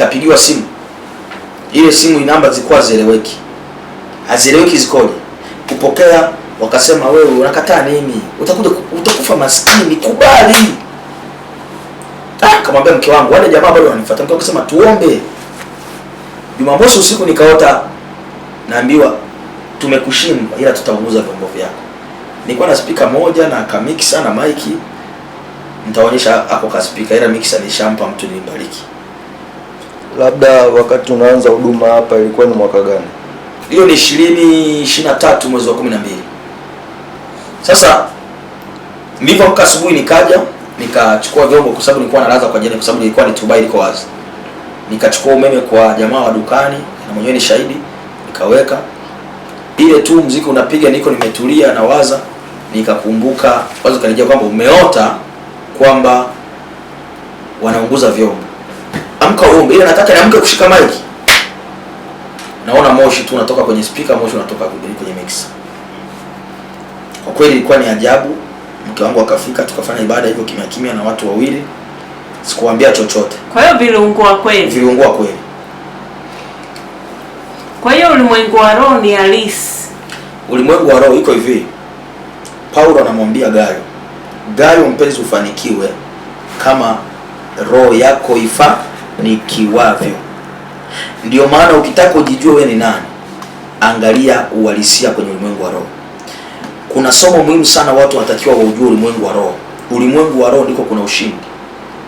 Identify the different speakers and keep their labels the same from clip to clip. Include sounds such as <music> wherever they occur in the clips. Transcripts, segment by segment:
Speaker 1: nikapigiwa simu, ile simu inamba zilikuwa hazieleweki, hazieleweki zikoje, kupokea wakasema, wewe unakataa nini? Utakuja utakufa maskini, kubali. Ah, kamwambia mke wangu, wale jamaa bado wananifuata. Mke wangu akasema tuombe. Jumamosi usiku nikaota, naambiwa tumekushinda, ila tutauguza vyombo vyako. Nilikuwa na spika moja na kamiksa na maiki, nitaonyesha hapo kaspika, ila mixa nishampa mtu nilimbariki.
Speaker 2: Labda wakati unaanza huduma hapa ilikuwa ni mwaka gani?
Speaker 1: Hiyo ni ishirini ishirini na tatu mwezi wa kumi na mbili. Sasa nilivyoamka asubuhi nikaja nikachukua vyombo kwa sababu nilikuwa nalaza kwa jeni kwa sababu nilikuwa nitubai liko wazi. Nikachukua umeme kwa jamaa wa dukani na mwenyewe ni shahidi, nikaweka ile tu mziki unapiga, niko nimetulia na waza, nikakumbuka wazo kanijia kwamba umeota kwamba wanaunguza vyombo amka uombe, ila nataka niamke kushika mic. naona moshi tu unatoka kwenye speaker, moshi unatoka kwenye mixer. Kwa kweli ilikuwa ni ajabu. Mke wangu akafika, tukafanya ibada hivyo kimya kimya na watu wawili, sikuambia chochote.
Speaker 3: Kwa hiyo viliungua kweli,
Speaker 1: viliungua kweli.
Speaker 3: Kwa hiyo ulimwengu wa roho ni halisi.
Speaker 1: Ulimwengu wa roho iko hivi, Paulo anamwambia Gayo, Gayo mpenzi, ufanikiwe kama roho yako ifaa ni kiwavyo. Ndio maana ukitaka ujijue wewe ni nani, angalia uhalisia kwenye ulimwengu wa roho. Kuna somo muhimu sana watu wanatakiwa waujue ulimwengu wa roho. Ulimwengu wa roho ndiko kuna ushindi.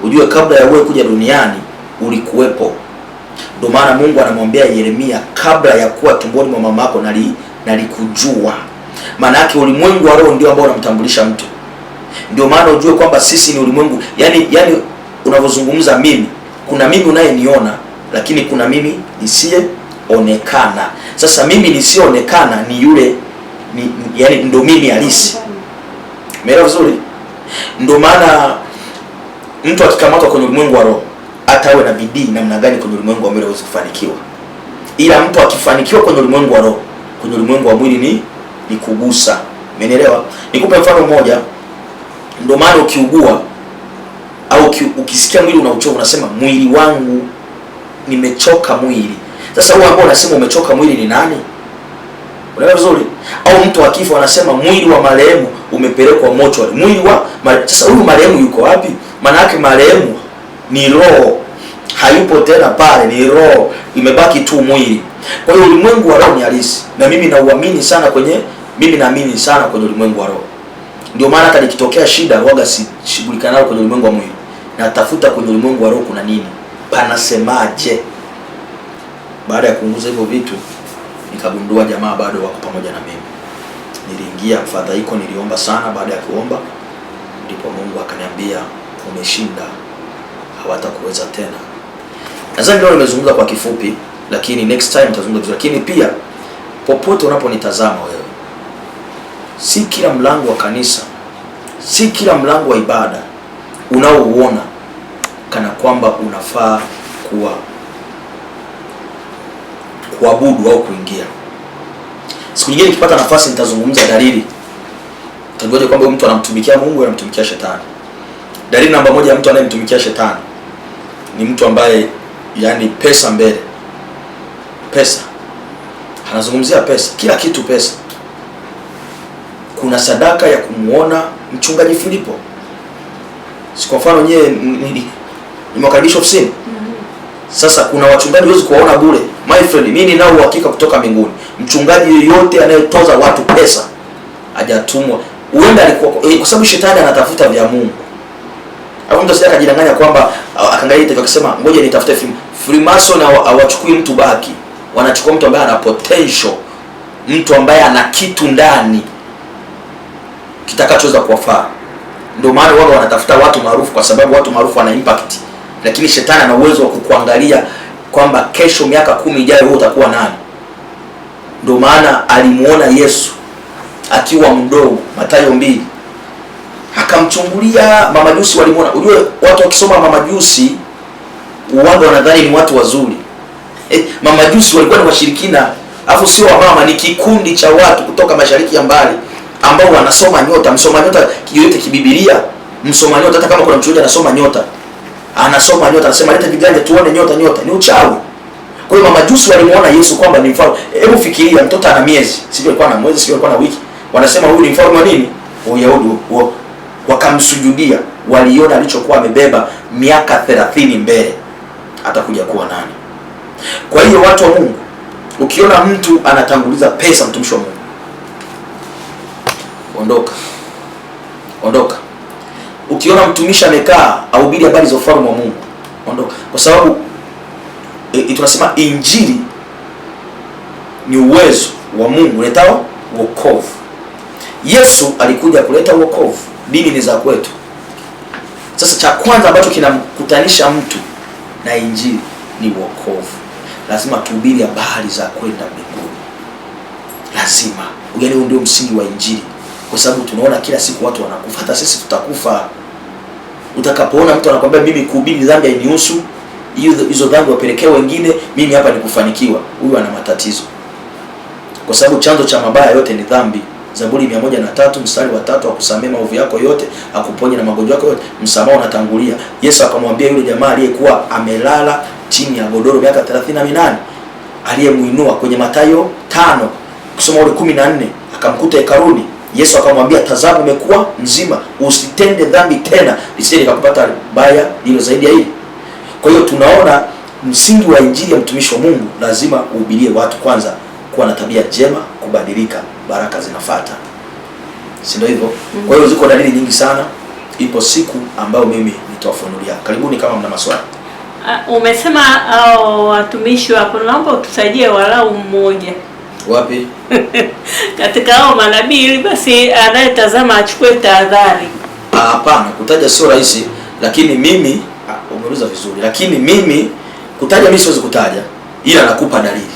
Speaker 1: Ujue kabla ya wewe kuja duniani ulikuwepo. Ndio maana Mungu anamwambia Yeremia, kabla ya kuwa tumboni mwa mama yako nali nalikujua. Maana yake ulimwengu wa roho ndio ambao unamtambulisha mtu. Ndio maana ujue kwamba sisi ni ulimwengu, yani yani unavyozungumza mimi kuna mimi unayeniona, lakini kuna mimi nisiyeonekana. Sasa mimi nisiyoonekana ni yule ni, yani ndo mimi halisi. Umeelewa vizuri? Ndo maana mtu akikamatwa kwenye ulimwengu wa roho, hata awe na bidii namna gani kwenye ulimwengu wa mwili hawezi kufanikiwa, ila mtu akifanikiwa kwenye ulimwengu wa roho, kwenye ulimwengu wa mwili ni ni kugusa. Umeelewa? Nikupe mfano mmoja, ndo maana ukiugua au ukisikia mwili una uchovu unasema mwili wangu nimechoka mwili. Sasa huo ambao unasema umechoka mwili ni nani? Unaelewa vizuri? Au mtu wa kifo anasema mwili wa marehemu umepelekwa mochwari. Mwili wa Sasa huyu marehemu yuko wapi? Maana yake marehemu ni roho, hayupo tena pale, ni roho, imebaki tu mwili. Kwa hiyo ulimwengu wa roho ni halisi, na mimi nauamini sana kwenye, mimi naamini sana kwenye ulimwengu wa roho. Ndio maana hata nikitokea shida waga sishughulika nayo kwenye ulimwengu wa mwili natafuta kwenye ulimwengu wa roho kuna nini, panasemaje? Baada ya kuunguza hivyo vitu, nikagundua jamaa bado wako pamoja na mimi. Niliingia mfadhaiko, niliomba sana. Baada ya kuomba, ndipo Mungu akaniambia umeshinda, hawatakuweza tena. Nadhani leo nimezungumza kwa kifupi, lakini next time nitazungumza vizuri. Lakini pia popote unaponitazama wewe, si kila mlango wa kanisa, si kila mlango wa ibada unaouona kana kwamba unafaa kuwa kuabudu au kuingia. Siku nyingine nikipata nafasi nitazungumza dalili utajuaje kwamba mtu anamtumikia Mungu au anamtumikia shetani. Dalili namba moja ya mtu anayemtumikia shetani ni mtu ambaye yani, pesa mbele, pesa anazungumzia pesa, kila kitu pesa. Kuna sadaka ya kumwona mchungaji Filipo Si kwa mfano nyewe nimewakaribisha ofisini. Sasa kuna wachungaji huwezi kuwaona bure. My friend, mimi ninao uhakika kutoka mbinguni. Mchungaji yeyote anayetoza watu pesa hajatumwa. Huenda alikuwa kwa eh, sababu shetani anatafuta vya Mungu. Hapo mtu akajidanganya kwamba ah, akaangalia hivi akasema ngoja nitafute film. Freemason awachukui mtu baki. Wanachukua mtu ambaye ana potential, mtu ambaye ana kitu ndani kitakachoweza kuwafaa. Ndio maana wao wanatafuta watu maarufu, kwa sababu watu maarufu wana impact, lakini shetani ana uwezo wa kukuangalia kwamba kesho, miaka kumi ijayo, wewe utakuwa nani? Ndio maana alimuona Yesu akiwa mdogo, Mathayo mbili, akamchungulia. Mamajusi walimuona. Ujue watu wakisoma mamajusi wao wanadhani ni watu wazuri. Eh, <laughs> mamajusi walikuwa ni washirikina, afu sio wamama, ni kikundi cha watu kutoka mashariki ya mbali ambao wanasoma nyota. Msoma nyota yote kibibilia, msoma nyota, hata kama kuna mchuja anasoma nyota, anasoma nyota, anasema leta viganja tuone nyota. Nyota ni uchawi. Kwa hiyo mamajusi walimuona Yesu kwamba ni mfalme. Hebu fikiria, mtoto ana miezi, sivyo alikuwa na mwezi, sivyo alikuwa na wiki, wanasema huyu ni mfalme wa nini? Wa Yahudi. wakamsujudia, waliona alichokuwa amebeba miaka 30 mbele atakuja kuwa nani. Kwa hiyo watu wa Mungu, ukiona mtu anatanguliza pesa, mtumishi wa Mungu ondoka, ondoka. Ukiona mtumishi amekaa ahubiri habari za ufalme wa Mungu, ondoka, kwa sababu e, e, tunasema injili ni uwezo wa Mungu uletao wokovu. Yesu alikuja kuleta wokovu, dini ni za kwetu. Sasa cha kwanza ambacho kinamkutanisha mtu na injili ni wokovu. Lazima tuhubiri habari za kwenda mbinguni, lazima. Yaani ndio msingi wa injili kwa sababu tunaona kila siku watu wanakufa, hata sisi tutakufa. Utakapoona mtu anakwambia mimi kuhubiri dhambi hainihusu, hizo dhambi wapelekea wengine, mimi hapa nikufanikiwa, huyu ana matatizo, kwa sababu chanzo cha mabaya yote ni dhambi. Zaburi mia moja na tatu mstari wa tatu akusamee maovu yako yote, akuponye na magonjwa yako yote, msamaha unatangulia. Yesu akamwambia yule jamaa aliyekuwa amelala chini ya godoro miaka 38 aliyemuinua kwenye Mathayo tano kusoma ule 14 akamkuta hekaluni Yesu akamwambia, tazama, umekuwa mzima, usitende dhambi tena, lisije likakupata baya lilo zaidi ya hili. Kwa hiyo tunaona msingi wa injili ya mtumishi wa Mungu lazima uhubirie watu kwanza kuwa na tabia njema, kubadilika, baraka zinafata si ndio hivyo? mm -hmm. Kwa hiyo ziko dalili nyingi sana, ipo siku ambayo mimi nitawafunulia. Karibuni kama mna maswali.
Speaker 3: Uh, umesema ah, watumishi wapo, naomba utusaidie walau mmoja
Speaker 1: wapi? <laughs>
Speaker 3: Katika hao manabii, ili basi anayetazama achukue tahadhari.
Speaker 1: Hapana, kutaja sio rahisi, lakini mimi ah, umeuliza vizuri, lakini mimi kutaja, mimi siwezi kutaja, ila nakupa dalili.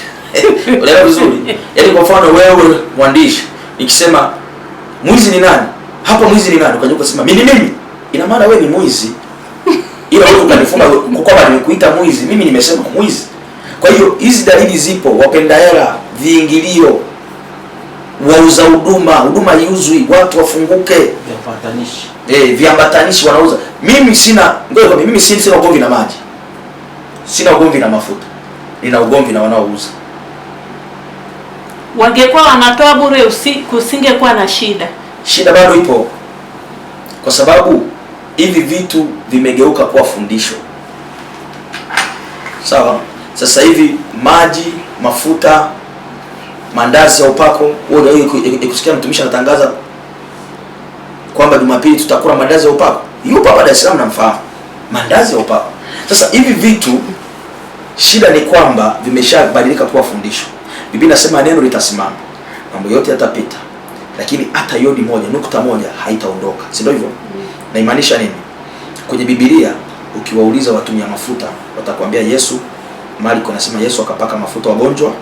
Speaker 1: <laughs> Unaelewa vizuri? Yaani kwa mfano wewe mwandishi, nikisema mwizi ni nani? Hapo mwizi ni nani? Ukajua kusema mimi mimi. Ina maana wewe ni mwizi. Ila wewe ukanifunga kwa kwamba nimekuita mwizi. Mimi nimesema mwizi. Kwa hiyo hizi dalili zipo, wapenda hela, viingilio, wauza huduma, huduma iuzwi, watu wafunguke,
Speaker 2: viambatanishi
Speaker 1: eh, viambatanishi wanauza. Mimi sina ngoja, mimi sina ugomvi na maji, sina ugomvi na mafuta, nina ugomvi na wanaouza.
Speaker 3: Wangekuwa wanatoa bure, usingekuwa na shida.
Speaker 1: Shida bado ipo, kwa sababu hivi vitu vimegeuka kuwa fundisho. Sawa. Sasa hivi maji, mafuta, mandazi ya upako, ikusikia e-, e-, mtumishi anatangaza kwamba Jumapili tutakula mandazi ya upako. Yupo hapa Dar es Salaam, namfahamu, mandazi ya upako. Sasa hivi vitu, shida ni kwamba vimeshabadilika kuwa fundisho. Biblia inasema neno litasimama, mambo yote yatapita, lakini hata yodi moja, nukta moja haitaondoka, si ndio hivyo? mm. Naimaanisha nini? Kwenye Biblia ukiwauliza watumia mafuta watakwambia Yesu Marko anasema Yesu akapaka mafuta wagonjwa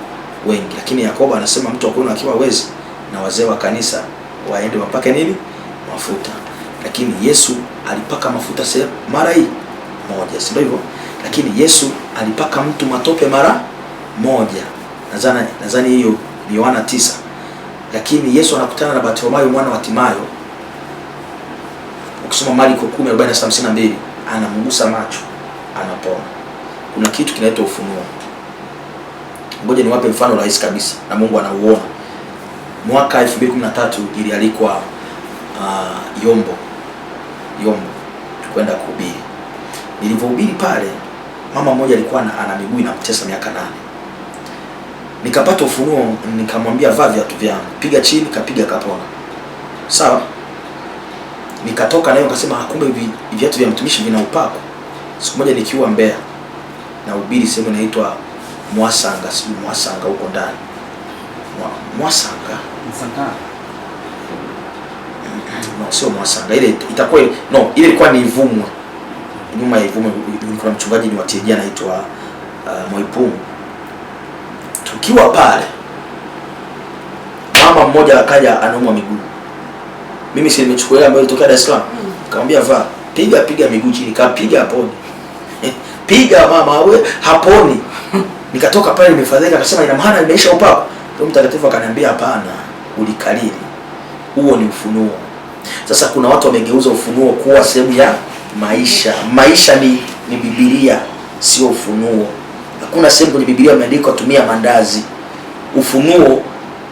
Speaker 1: wengi, lakini Yakobo anasema mtu akiona akiwa wezi na wazee wa kanisa waende wapake nini mafuta. Lakini Yesu alipaka mafuta sehemu mara hii moja, si hivyo? Lakini Yesu alipaka mtu matope mara moja, nadhani nadhani hiyo ni Yohana tisa. Lakini Yesu anakutana na Bartimayo mwana wa Timayo, ukisoma Marko 1040 anamgusa macho, anapona kuna kitu kinaitwa ufunuo. Ngoja niwape mfano rahisi kabisa na Mungu anauona. Mwaka 2013 ilialikwa uh, Yombo Yombo kwenda kuhubiri. Nilivyohubiri pale, mama mmoja alikuwa ana miguu inamtesa miaka nane. Nikapata ufunuo, nikamwambia vaa viatu vyangu, piga chini, kapiga kapona. Sawa? Nikatoka nayo nikasema, ah, kumbe viatu vya mtumishi vina upako. Siku moja nikiwa Mbeya na ubiri sehemu inaitwa Mwasanga, si Mwasanga huko ndani Mwasanga no, sio Mwasanga ile itakuwa no, ile ilikuwa ni Ivumwe, nyuma ya Ivumwe kuna mchungaji ni watejia anaitwa uh, Mwaipumu. Tukiwa pale, mama mmoja akaja anaumwa miguu, mimi si nimechukua ile ambayo ilitokea Dar es Salaam, mm. nikamwambia vaa, piga piga miguu chini, kapiga hapo <laughs> piga mama we haponi. <laughs> Nikatoka pale nimefadhaika, akasema ina maana nimeisha upako. Ndio Mtakatifu akaniambia hapana, ulikalili. Huo ni ufunuo. Sasa kuna watu wamegeuza ufunuo kuwa sehemu ya maisha. Maisha ni ni Biblia, sio ufunuo. Hakuna sehemu kwenye Biblia imeandikwa tumia mandazi. Ufunuo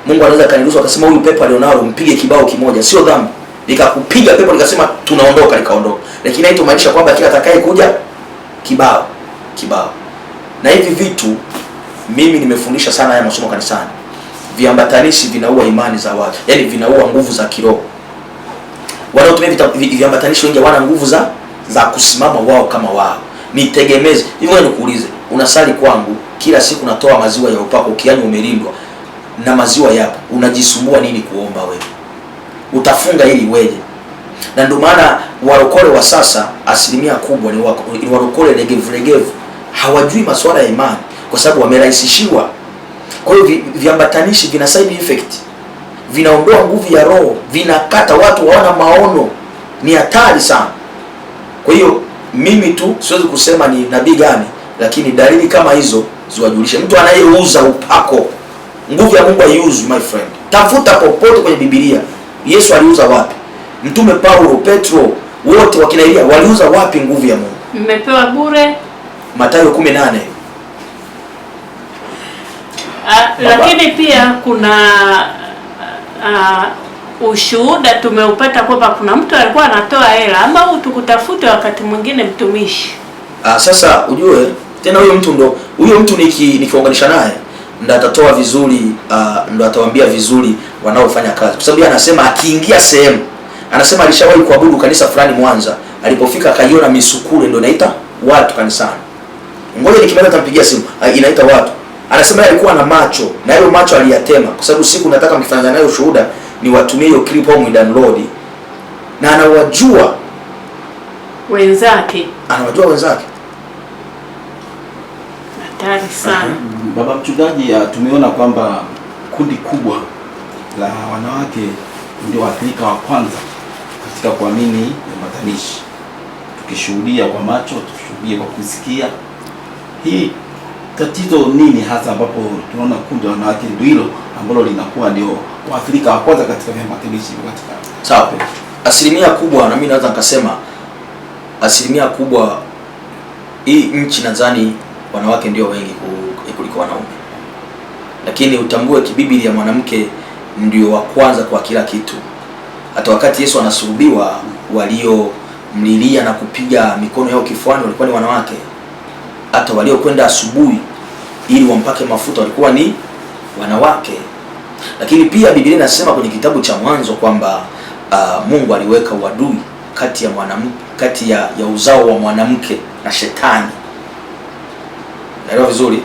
Speaker 1: Mungu anaweza kaniruhusu akasema huyu pepo alionao mpige kibao kimoja, sio dhambi. Nikakupiga pepo nikasema tunaondoka, nikaondoka. Lakini haitomaanisha kwamba kila atakaye kuja kibao kibao. Na hivi vitu mimi nimefundisha sana haya masomo kanisani, viambatanishi vinaua imani za watu, yaani vinaua nguvu za kiroho. Wanaotumia viambatanishi wengi hawana nguvu za za kusimama wao kama wao, nitegemeze hivyo. Nikuulize, unasali kwangu kila siku, natoa maziwa ya upako, ukianywa umelindwa na maziwa yapo, unajisumbua nini kuomba wewe? Utafunga ili weje? na ndio maana warokole wa sasa asilimia kubwa ni warokole legevu legevu, hawajui masuala ya imani kwa sababu wamerahisishiwa. Kwa hiyo viambatanishi vina side effect, vinaondoa nguvu ya roho, vinakata watu waona maono, ni hatari sana. Kwa hiyo mimi tu siwezi kusema ni nabii gani, lakini dalili kama hizo ziwajulishe. Mtu anayeuza upako, nguvu ya Mungu haiuzwi my friend. Tafuta popote kwenye Biblia, Yesu aliuza wapi? Mtume Paulo, Petro, wote wakina Elia waliuza wapi nguvu ya Mungu?
Speaker 3: Mmepewa bure.
Speaker 1: Mathayo 18. Uh,
Speaker 3: ah, lakini pia kuna uh, ushuhuda tumeupata kwamba kuna mtu alikuwa anatoa hela ama tukutafute wakati mwingine mtumishi.
Speaker 1: Uh, sasa ujue tena huyo mtu ndo huyo mtu niki, nikiunganisha naye ndo atatoa vizuri uh, ndo atawambia vizuri wanaofanya kazi, kwa sababu anasema akiingia sehemu Anasema alishawahi kuabudu kanisa fulani Mwanza, alipofika akaiona misukule ndio inaita watu kanisani. Ngoja nikimaliza tampigia simu, ah, inaita watu. Anasema alikuwa na macho na hiyo macho aliyatema, kwa sababu siku nataka mkifanya nayo shuhuda ni watumie hiyo clip au mdownload, na anawajua
Speaker 3: wenzake,
Speaker 1: anawajua wenzake.
Speaker 3: Hatari sana. Uh-huh.
Speaker 2: Baba mchungaji, ah, tumeona kwamba kundi kubwa la wanawake ndio waathirika wa kwanza katika kuamini matanishi, tukishuhudia kwa macho, tukishuhudie kwa kusikia. Hii tatizo nini hasa, ambapo tunaona kundi la wanawake ndio hilo ambalo linakuwa ndio waathirika wa kwanza katika matanishi katika
Speaker 1: sawa? Asilimia kubwa, na mimi naweza nikasema asilimia kubwa hii nchi nadhani wanawake ndio wengi kuliko wanaume, lakini utambue kibibilia ya mwanamke ndio wa kwanza kwa kila kitu. Hata wakati Yesu anasulubiwa, waliomlilia na kupiga mikono yao kifuani walikuwa ni wanawake. Hata waliokwenda asubuhi ili wampake mafuta walikuwa ni wanawake. Lakini pia Biblia inasema kwenye kitabu cha Mwanzo kwamba uh, Mungu aliweka uadui kati ya mwanamke kati ya, ya uzao wa mwanamke na shetani. Naelewa vizuri?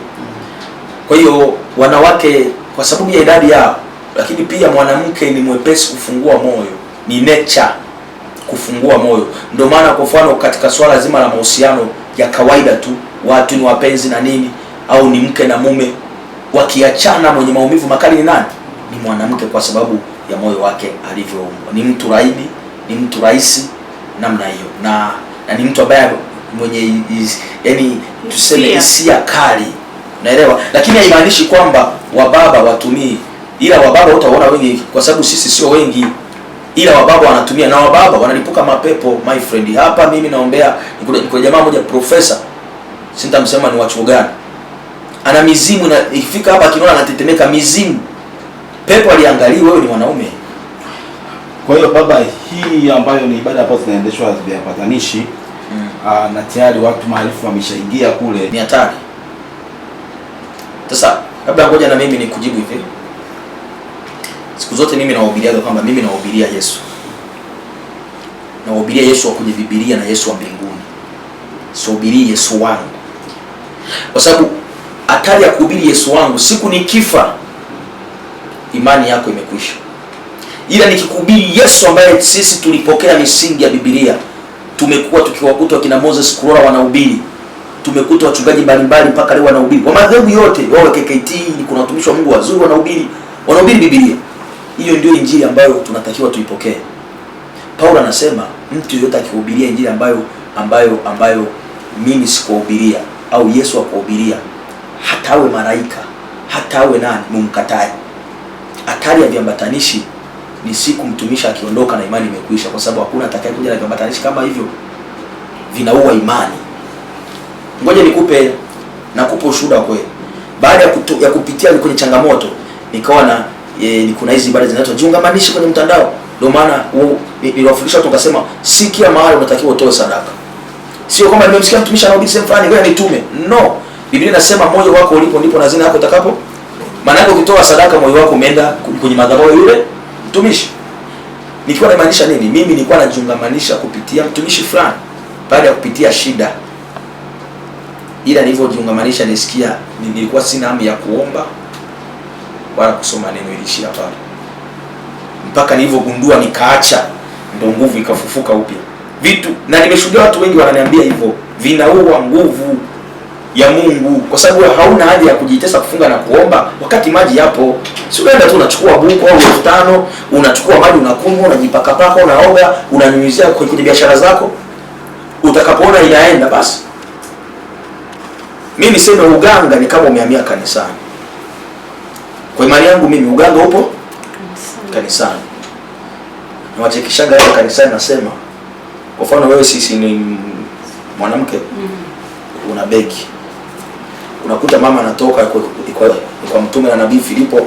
Speaker 1: Kwa hiyo wanawake kwa sababu ya idadi yao, lakini pia mwanamke ni mwepesi kufungua moyo ni nature kufungua moyo. Ndio maana kwa mfano katika swala zima la mahusiano ya kawaida tu, watu ni wapenzi na nini au ni mke na mume, wakiachana, mwenye maumivu makali ni nani? Ni mwanamke, kwa sababu ya moyo wake alivyoumbwa. Ni mtu raibi, ni mtu rahisi namna hiyo, na na ni mtu ambaye mwenye yaani tuseme hisia kali, unaelewa. lakini haimaanishi kwamba wababa watumii, ila wababa utaona wengi, kwa sababu sisi sio wengi ila wababa wanatumia na wababa wanalipuka mapepo my friend. Hapa mimi naombea, kwa jamaa moja profesa, sintamsema ni wachuo gani, ana mizimu na ifika hapa kinona anatetemeka, mizimu pepo aliangalia, wewe ni mwanaume.
Speaker 2: Kwa hiyo baba, hii ambayo ni ibada ambazo zinaendeshwa viambatanishi mm. Ah, na tayari watu maarifu wameshaingia kule, ni
Speaker 1: hatari. Sasa labda ngoja na mimi nikujibu hivi Siku zote mimi nawahubiriaga kwamba mimi nawahubiria Yesu, nawahubiria Yesu wa kwenye Biblia na Yesu wa mbinguni, siwahubirii Yesu wangu, kwa sababu hatari ya kuhubiri Yesu wangu, siku nikifa imani yako imekwisha, ila nikikuhubiri Yesu ambaye sisi tulipokea misingi ya Biblia, tumekuwa tukiwakuta wakina Moses Kulola wanahubiri tumekuta wachungaji mbalimbali mpaka leo wanahubiri kwa madhehebu yote, wao KKT, kuna watumishi wa Mungu wazuri wanahubiri, wanahubiri Biblia. Hiyo ndio injili ambayo tunatakiwa tuipokee. Paulo anasema mtu yeyote akihubiria injili ambayo ambayo ambayo mimi sikuhubiria au Yesu akuhubiria, hata awe malaika hata awe nani, mumkatae. Hatari ya viambatanishi ni siku mtumishi akiondoka na imani imekwisha, kwa sababu hakuna atakayekuja na viambatanishi kama hivyo, vinaua imani. Ngoja nikupe nakupa ushuhuda kweli. Baada ya, kutu, ya kupitia kwenye changamoto nikawa na e, kuna hizi ibada zinazojiungamanisha kwenye mtandao. Ndio maana niliwafundisha watu wakasema, si kila mahali unatakiwa utoe sadaka. Sio kwamba nimemsikia mtumishi anahubiri sehemu fulani, wewe nitume. No, Biblia inasema moyo wako ulipo ndipo na zina yako itakapo. Maana yake ukitoa sadaka, moyo wako umeenda kwenye madhabahu yule mtumishi. Nikiwa namaanisha nini? Mimi nilikuwa najiungamanisha kupitia mtumishi fulani baada ya kupitia shida ila nilivyojiungamanisha nisikia, nilikuwa sina hamu ya kuomba wala kusoma neno, ilishia pale mpaka nilivyogundua nikaacha, ndo nguvu ikafufuka upya vitu. Na nimeshuhudia watu wengi wananiambia hivyo, vinaua nguvu ya Mungu kwa sababu hauna haja ya kujitesa kufunga na kuomba wakati maji yapo. Si unaenda tu unachukua buku au elfu unachukua maji unakunywa, unajipakapaka, unaoga, unanyunyizia kwenye biashara zako, utakapoona inaenda basi. Mi niseme uganga ni kama umehamia kanisani. Kwa imani yangu mimi uganga upo kanisani. Nawachekishaga hapo kanisani nasema kwa mfano wewe sisi ni mwanamke mm. una beki. Unakuta mama anatoka kwa kwa mtume na nabii Filipo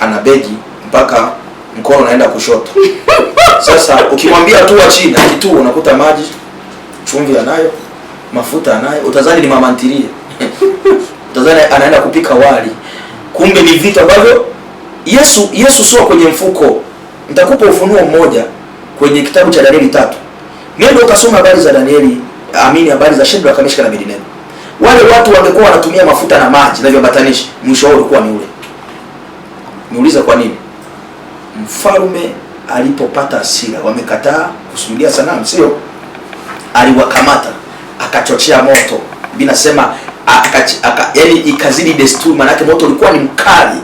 Speaker 1: ana begi mpaka mkono unaenda kushoto. <laughs> Sasa ukimwambia tu wa chini kitu unakuta maji chumvi anayo, mafuta anayo, utazani ni mama ntirie, <laughs> Utazani anaenda kupika wali. Kumbe ni vitu ambavyo Yesu Yesu sio kwenye mfuko. Nitakupa ufunuo mmoja kwenye kitabu cha Danieli tatu. Nenda ukasoma habari za Danieli, amini habari za Shadraka, Meshaki na Abednego. Wale watu wangekuwa wanatumia mafuta na maji na viambatanishi, mwisho wao ulikuwa ni ule. Niuliza kwa nini? Mfalme alipopata asira wamekataa kusujudia sanamu, sio? Aliwakamata akachochea moto. Binasema aka, yani ikazidi desturi, maanake moto ulikuwa ni mkali,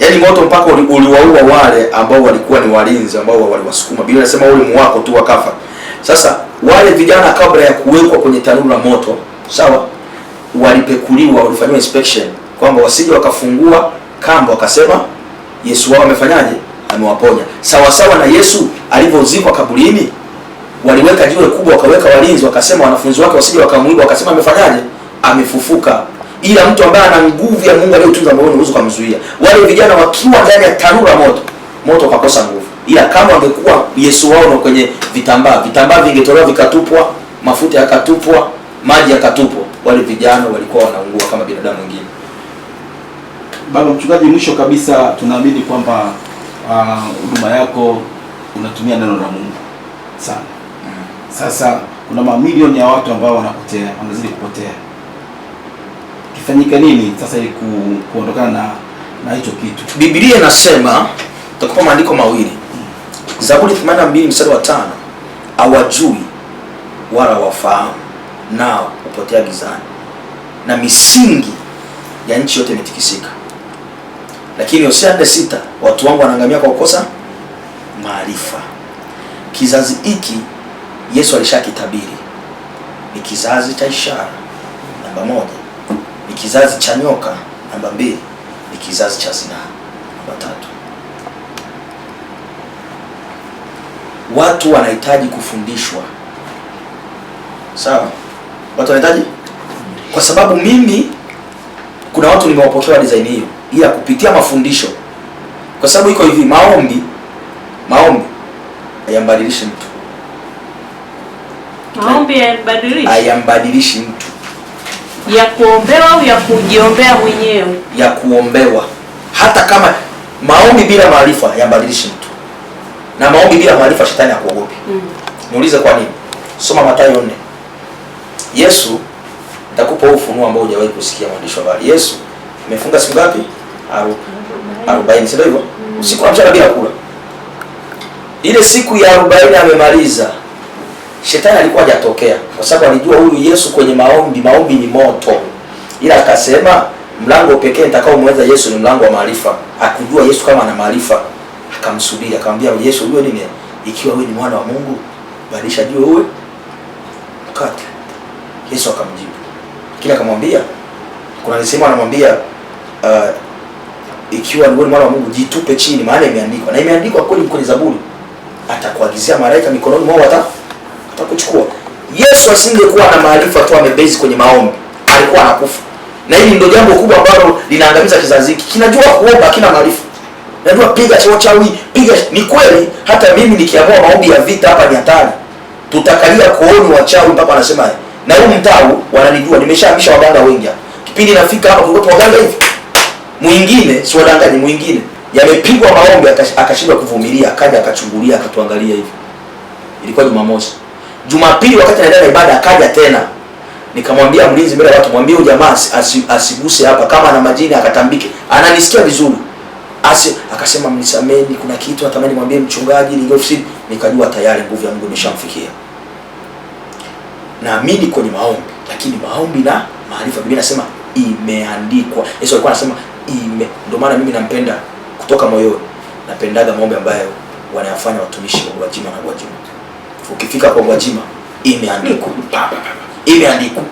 Speaker 1: yani moto mpaka uliwaua wale ambao walikuwa ni walinzi ambao waliwasukuma. Biblia inasema ule mwako tu wakafa. Sasa wale vijana kabla ya kuwekwa kwenye tanuru la moto, sawa, walipekuliwa, walifanyiwa inspection kwamba wasije wakafungua kamba wakasema Yesu wao amefanyaje, amewaponya. Sawa sawa na Yesu alivyozikwa kaburini, waliweka jiwe kubwa, wakaweka walinzi, wakasema wanafunzi wake wasije wakamwiba, wakasema amefanyaje amefufuka, ila mtu ambaye ana nguvu ya Mungu aliyotunza moyoni huwezi kumzuia. Wale vijana wakiwa ndani ya tanura moto, moto ukakosa nguvu, ila kama wangekuwa Yesu wao na kwenye vitambaa, vitambaa vingetolewa vikatupwa, mafuta yakatupwa, maji yakatupwa, wale vijana walikuwa wanaungua kama binadamu wengine.
Speaker 2: Baba mchungaji, mwisho kabisa, tunaamini kwamba ah, huduma uh, yako unatumia neno la Mungu sana. Mm. Sasa kuna mamilioni ya watu ambao wanapotea, wanazidi kupotea kifanyike nini sasa ili ku, kuondokana na na hicho kitu?
Speaker 1: Biblia inasema takupa maandiko mawili hmm. Zaburi 82 mstari wa tano, awajui wala wafahamu nao hupotea gizani na misingi ya nchi yote imetikisika. Lakini Hosea nne sita, watu wangu wanaangamia kwa kukosa maarifa. Kizazi hiki Yesu alishakitabiri ni kizazi cha ishara. Namba moja ni kizazi cha nyoka. Namba mbili ni kizazi cha zinaa. Namba tatu, watu wanahitaji kufundishwa. Sawa, watu wanahitaji, kwa sababu mimi kuna watu nimewapokea design hiyo, ila kupitia mafundisho, kwa sababu iko hivi, maombi maombi hayambadilishi mtu,
Speaker 3: maombi hayambadilishi mtu ya kuombewa au ya kujiombea mwenyewe?
Speaker 1: Ya kuombewa. Hata kama maombi bila maarifa yambadilishi mtu, na maombi bila maarifa shetani hakuogopi. mm. Niulize kwa nini? Soma Mathayo 4. Yesu, nitakupa ufunuo ambao hujawahi kusikia, mwandishi wa habari. Yesu amefunga siku ngapi? 40, si ndio hivyo? Mm. Usiku na mchana bila kula. Ile siku ya 40 amemaliza Shetani alikuwa hajatokea kwa sababu alijua huyu Yesu kwenye maombi, maombi ni moto, ila akasema mlango pekee nitakaomweza Yesu ni mlango wa maarifa. Akujua Yesu kama ana maarifa, akamsubiri akamwambia, Yesu wewe nini, ikiwa wewe ni mwana wa Mungu badilisha jiwe uwe mkate. Yesu akamjibu kila akamwambia, kuna nisema anamwambia uh, ikiwa ni mwana wa Mungu jitupe chini, maana imeandikwa na imeandikwa kweli kwenye Zaburi, atakuagizia malaika mikononi mwao watafu na Yesu asingekuwa na maarifa tu amebezi kwenye maombi, alikuwa anakufa. Na hili ndio jambo kubwa ambalo linaangamiza kizazi hiki, kinajua kuomba, kina maarifa, najua piga chao chawi, piga. Ni kweli hata mimi nikiamua maombi ya vita hapa ni hatari, tutakalia kooni wachawi mpaka wanasema na huyu mtau wananijua, nimeshahamisha waganga wengi hapa. Kipindi nafika hapa kulikuwa waganga hivi, mwingine si ni mwingine yamepigwa maombi akashindwa kuvumilia, akaja akachungulia, akatuangalia hivi. Ilikuwa Jumamosi. Jumapili wakati anaenda na ibada akaja tena, nikamwambia mlinzi mbele ya watu, mwambie huyu jamaa asiguse hapa, kama ana majini akatambike. Ananisikia vizuri asi, akasema mnisameni, kuna kitu natamani mwambie mchungaji ni ofisi. Nikajua tayari nguvu ya Mungu imeshamfikia. Naamini kwenye maombi, lakini maombi na maarifa, Biblia inasema imeandikwa. Yesu alikuwa anasema ime. Ndio maana mimi nampenda kutoka moyoni, napendaga maombi ambayo wanayafanya watumishi wa Gwajima na Gwajima. Ukifika kwa Gwajima imeandikwa imeandikwa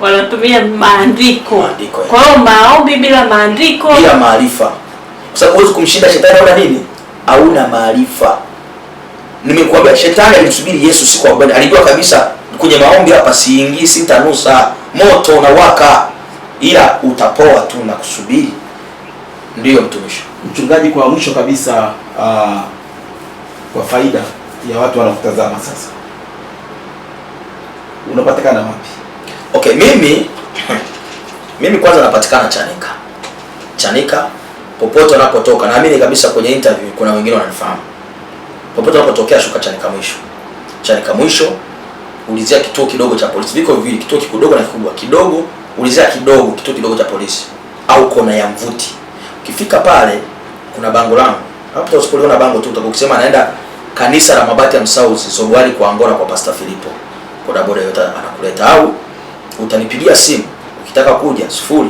Speaker 3: wanatumia maandiko. Maandiko kwa hiyo maombi bila maandiko,
Speaker 1: bila maarifa, kwa sababu huwezi kumshinda shetani. Hauna nini? Hauna maarifa. Nimekuambia shetani alimsubiri Yesu siku arobaini. Alijua kabisa kwenye maombi hapa siingii, sitanusa, moto unawaka, ila utapoa tu na kusubiri. Ndiyo mtumishi
Speaker 2: mchungaji, kwa mwisho kabisa, uh, kwa faida ya watu wanakutazama sasa, unapatikana wapi?
Speaker 1: Okay, mimi mimi kwanza napatikana Chanika, Chanika popote unapotoka, naamini kabisa kwenye interview kuna wengine wananifahamu. Popote unapotokea shuka Chanika mwisho, Chanika mwisho, ulizia kituo kidogo cha polisi. Viko viwili, kituo kidogo na kikubwa. Kidogo ulizia kidogo, kituo kidogo cha polisi au kona ya mvuti. Ukifika pale kuna bango langu hapo, usipoliona bango tu utakokusema naenda kanisa la Mabati ya msau Sogwali kwa Angola kwa Pastor Filipo. Bodaboda yote anakuleta au utanipigia simu ukitaka kuja 0768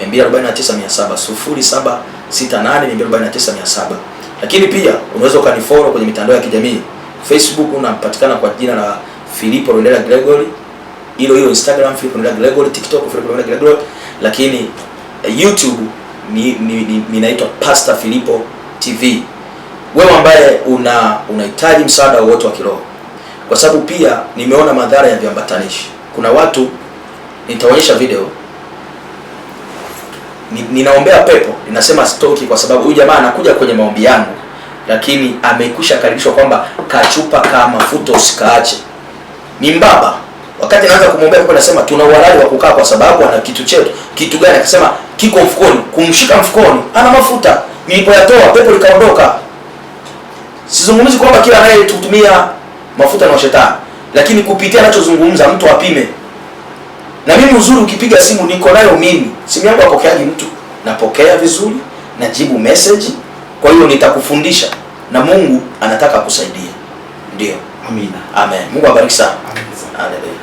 Speaker 1: 2497 07682497. Lakini pia unaweza ukanifollow kwenye mitandao ya kijamii. Facebook unapatikana kwa jina la Filipo Rondela Gregory. Hilo hilo Instagram Filipo Rondela Gregory, TikTok Filipo Rondela Gregory, lakini eh, YouTube ni ninaitwa ni, ni Pastor Filipo TV wewe ambaye una unahitaji msaada wowote wa kiroho, kwa sababu pia nimeona madhara ya viambatanishi. Kuna watu nitaonyesha video ni, ninaombea pepo ninasema sitoki, kwa sababu huyu jamaa anakuja kwenye maombi yangu, lakini amekwisha karibishwa kwamba kachupa ka mafuta usikaache, ni mbaba. Wakati naanza kumwombea pepo nasema tuna uhalali wa kukaa, kwa sababu ana kitu chetu. Kitu gani? Akasema kiko mfukoni. Kumshika mfukoni, ana mafuta. Nilipoyatoa pepo likaondoka. Sizungumzi kwamba kila anayetumia mafuta na shetani, lakini kupitia anachozungumza mtu apime. Na mimi uzuri, ukipiga simu niko nayo mimi, simu yangu apokeaji mtu, napokea vizuri, najibu message. Kwa hiyo nitakufundisha na Mungu anataka kusaidia. Ndio, amina, amen. Mungu abariki sana, amen.